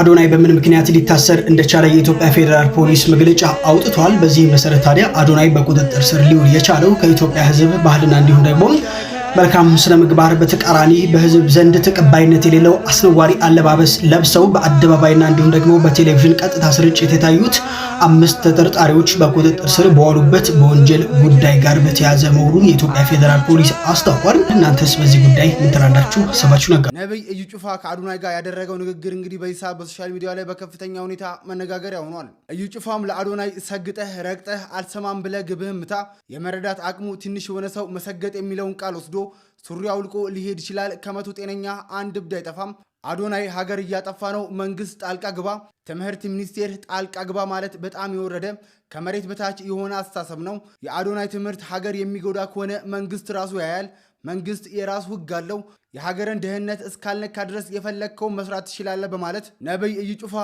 አዶናይ በምን ምክንያት ሊታሰር እንደቻለ የኢትዮጵያ ፌዴራል ፖሊስ መግለጫ አውጥቷል። በዚህ መሰረት ታዲያ አዶናይ በቁጥጥር ስር ሊውል የቻለው ከኢትዮጵያ ሕዝብ ባህልና እንዲሁም ደግሞ መልካም ስነ ምግባር በተቃራኒ በህዝብ ዘንድ ተቀባይነት የሌለው አስነዋሪ አለባበስ ለብሰው በአደባባይና እንዲሁም ደግሞ በቴሌቪዥን ቀጥታ ስርጭት የታዩት አምስት ተጠርጣሪዎች በቁጥጥር ስር በዋሉበት በወንጀል ጉዳይ ጋር በተያያዘ መሆኑን የኢትዮጵያ ፌዴራል ፖሊስ አስታውቋል። እናንተስ በዚህ ጉዳይ ምን ትላላችሁ? ሰባችሁ ነገር ነቢይ እዩ ጩፋ ከአዱናይ ጋር ያደረገው ንግግር እንግዲህ በዚህ በሶሻል ሚዲያ ላይ በከፍተኛ ሁኔታ መነጋገሪያ ሆኗል። እዩ ጩፋም ለአዶናይ ሰግጠህ ረግጠህ አልሰማም ብለህ ግብህ ምታ የመረዳት አቅሙ ትንሽ የሆነ ሰው መሰገጥ የሚለውን ቃል ወስዶ ሱሪ አውልቆ ሊሄድ ይችላል። ከመቶ ጤነኛ አንድ እብድ አይጠፋም። አዶናይ ሀገር እያጠፋ ነው፣ መንግስት ጣልቃ ግባ፣ ትምህርት ሚኒስቴር ጣልቃ ግባ ማለት በጣም የወረደ ከመሬት በታች የሆነ አስተሳሰብ ነው። የአዶናይ ትምህርት ሀገር የሚጎዳ ከሆነ መንግስት ራሱ ያያል። መንግስት የራሱ ህግ አለው። የሀገርን ደህንነት እስካልነካ ድረስ የፈለግከውን መስራት ትችላለህ በማለት ነብይ ኢዩ ጩፋ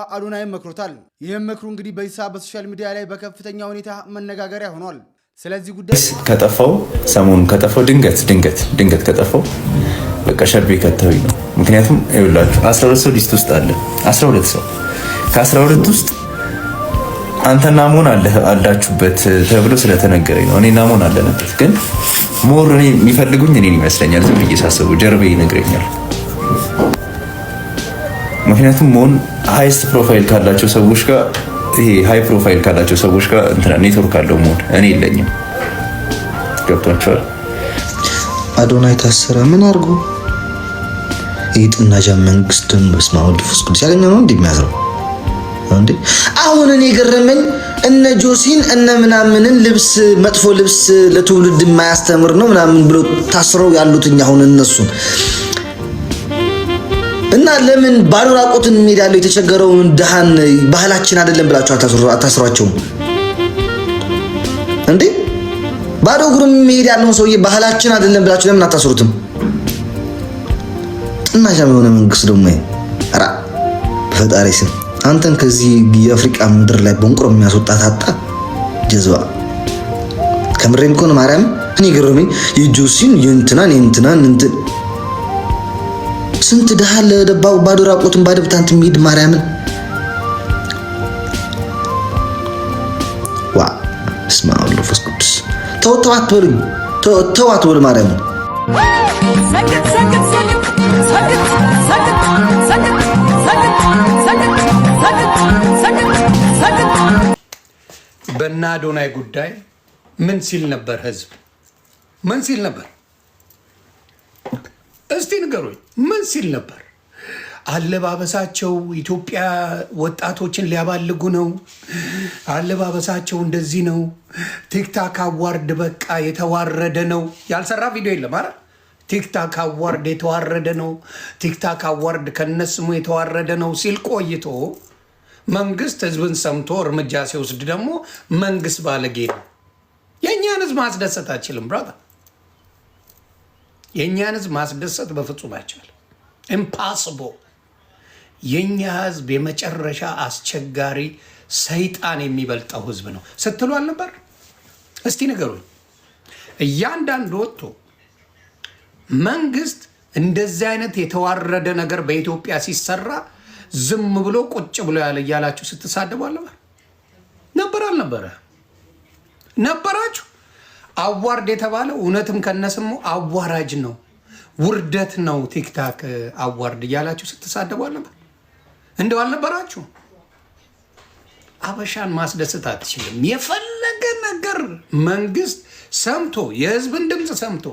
መክሮታል። ይህም ምክሩ እንግዲህ በይሳ በሶሻል ሚዲያ ላይ በከፍተኛ ሁኔታ መነጋገሪያ ሆኗል። ስለዚህ ጉዳይ ከጠፋው ሰሞኑን ከጠፋው ድንገት ድንገት ድንገት ከጠፋው በቃ ሸርቤ ከተውኝ ነው። ምክንያቱም ይኸውላችሁ 12 ሰው ሊስት ውስጥ አለ 12 ሰው ከ12 ውስጥ አንተና ሞን አላችሁበት ተብሎ ስለተነገረኝ ነው። እኔና ሞን አለንበት፣ ግን ሞር እኔ የሚፈልጉኝ እኔን ይመስለኛል። ዝም ብዬ ሳስበው ጀርቤ ይነግረኛል። ምክንያቱም ሞን ሃይስት ፕሮፋይል ካላቸው ሰዎች ጋር ይሄ ሃይ ፕሮፋይል ካላቸው ሰዎች ጋር ኔትወርክ አለው መሆን እኔ የለኝም። ገብቷቸዋል። አዶናይ ታሰረ። ምን አድርጎ የጥናዣ መንግስትን በስመ አብ ወወልድ ወመንፈስ ቅዱስ ያገኘ ነው እንደሚያዝረው እንዴ አሁን እኔ የገረመኝ እነ ጆሲን እነ ምናምንን ልብስ መጥፎ ልብስ ለትውልድ የማያስተምር ነው ምናምን ብሎ ታስረው ያሉትኝ አሁን እነሱን እና ለምን ባዶ ራቁትን ያለው የተቸገረውን ድሃን ባህላችን አይደለም ብላችሁ አታስሯቸውም እንዴ? ባዶ እግሩን የሚሄድ ያለውን ሰውዬ ባህላችን አይደለም ብላችሁ ለምን አታስሩትም? ጥናሻም የሆነ መንግስት ደግሞ ራ በፈጣሪ ስም አንተን ከዚህ የአፍሪቃ ምድር ላይ በንቁሮ የሚያስወጣ ታጣ ጀዝባ ከምሬን ማርያም እኔ ገረመኝ የጆሲን የእንትናን የእንትናን እንትን ስንት ድሃ ለደባው ባዶ ራቆትን ባደብታንት የሚሄድ ማርያምን ዋ እስማ መንፈስ ቅዱስ ተው ተው አትበሉኝ፣ ተው አትበሉ ማርያምን በእነ አዶናይ ጉዳይ ምን ሲል ነበር ህዝብ? ምን ሲል ነበር? ንገሩኝ፣ ምን ሲል ነበር? አለባበሳቸው ኢትዮጵያ ወጣቶችን ሊያባልጉ ነው፣ አለባበሳቸው እንደዚህ ነው፣ ቲክታክ አዋርድ በቃ የተዋረደ ነው። ያልሰራ ቪዲዮ የለም። ኧረ ቲክታክ አዋርድ የተዋረደ ነው፣ ቲክታክ አዋርድ ከነስሙ የተዋረደ ነው ሲል ቆይቶ መንግስት ህዝብን ሰምቶ እርምጃ ሲወስድ ደግሞ መንግስት ባለጌ ነው። የእኛን ህዝብ ማስደሰት አችልም ብራታ የእኛን ህዝብ ማስደሰት በፍጹም አይቻልም። ኢምፓስቦ የእኛ ህዝብ የመጨረሻ አስቸጋሪ ሰይጣን የሚበልጠው ህዝብ ነው ስትሉ አልነበር? እስቲ ንገሩኝ። እያንዳንዱ ወጥቶ መንግስት እንደዚህ አይነት የተዋረደ ነገር በኢትዮጵያ ሲሰራ ዝም ብሎ ቁጭ ብሎ ያለ እያላችሁ ስትሳደቡ አልነበር? ነበር አልነበረ? ነበራችሁ አዋርድ የተባለው እውነትም ከነስሙ አዋራጅ ነው፣ ውርደት ነው። ቲክታክ አዋርድ እያላችሁ ስትሳደቡ አልነበር? እንደው አልነበራችሁ? አበሻን ማስደሰት አትችልም። የፈለገ ነገር መንግስት ሰምቶ የህዝብን ድምፅ ሰምቶ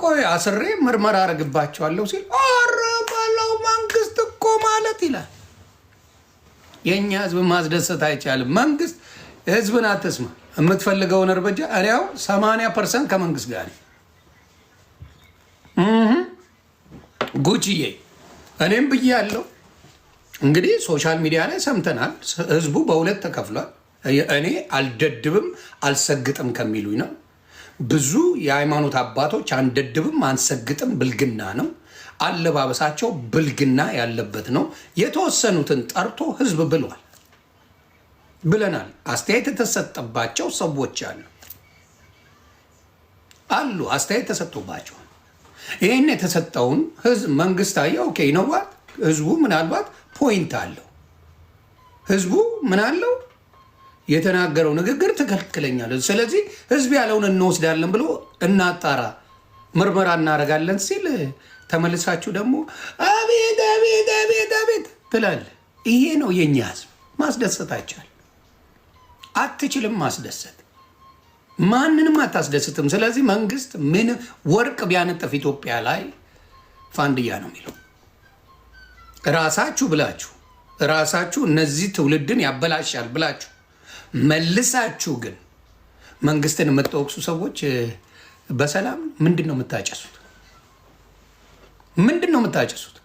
ቆይ አስሬ ምርመራ አረግባቸዋለሁ ሲል ኧረ በለው መንግስት እኮ ማለት ይላል። የእኛ ህዝብ ማስደሰት አይቻልም። መንግስት ህዝብን አትስማ። የምትፈልገውን እርምጃ እሪያው 80 ፐርሰንት ከመንግስት ጋር ጉቺዬ እኔም ብዬ ያለው እንግዲህ ሶሻል ሚዲያ ላይ ሰምተናል። ህዝቡ በሁለት ተከፍሏል። እኔ አልደድብም አልሰግጥም ከሚሉኝ ነው። ብዙ የሃይማኖት አባቶች አንደድብም አንሰግጥም ብልግና ነው፣ አለባበሳቸው ብልግና ያለበት ነው። የተወሰኑትን ጠርቶ ህዝብ ብሏል። ብለናል። አስተያየት የተሰጠባቸው ሰዎች አሉ አሉ አስተያየት ተሰጥቶባቸው ይህን የተሰጠውን ህዝብ መንግስታዊ ኦኬ ነዋት ህዝቡ ምናልባት ፖይንት አለው። ህዝቡ ምን አለው የተናገረው ንግግር ትክክለኛል፣ ስለዚህ ህዝብ ያለውን እንወስዳለን ብሎ እናጣራ፣ ምርመራ እናደርጋለን ሲል ተመልሳችሁ ደግሞ አቤት አቤት አቤት አቤት ትላለህ። ይሄ ነው የኛ ህዝብ ማስደሰታችኋል። አትችልም ማስደሰት ማንንም አታስደስትም። ስለዚህ መንግስት ምን ወርቅ ቢያነጥፍ ኢትዮጵያ ላይ ፋንድያ ነው የሚለው ራሳችሁ ብላችሁ ራሳችሁ እነዚህ ትውልድን ያበላሻል ብላችሁ መልሳችሁ ግን መንግስትን የምትወቅሱ ሰዎች በሰላም ምንድን ነው የምታጨሱት? ምንድን ነው የምታጨሱት?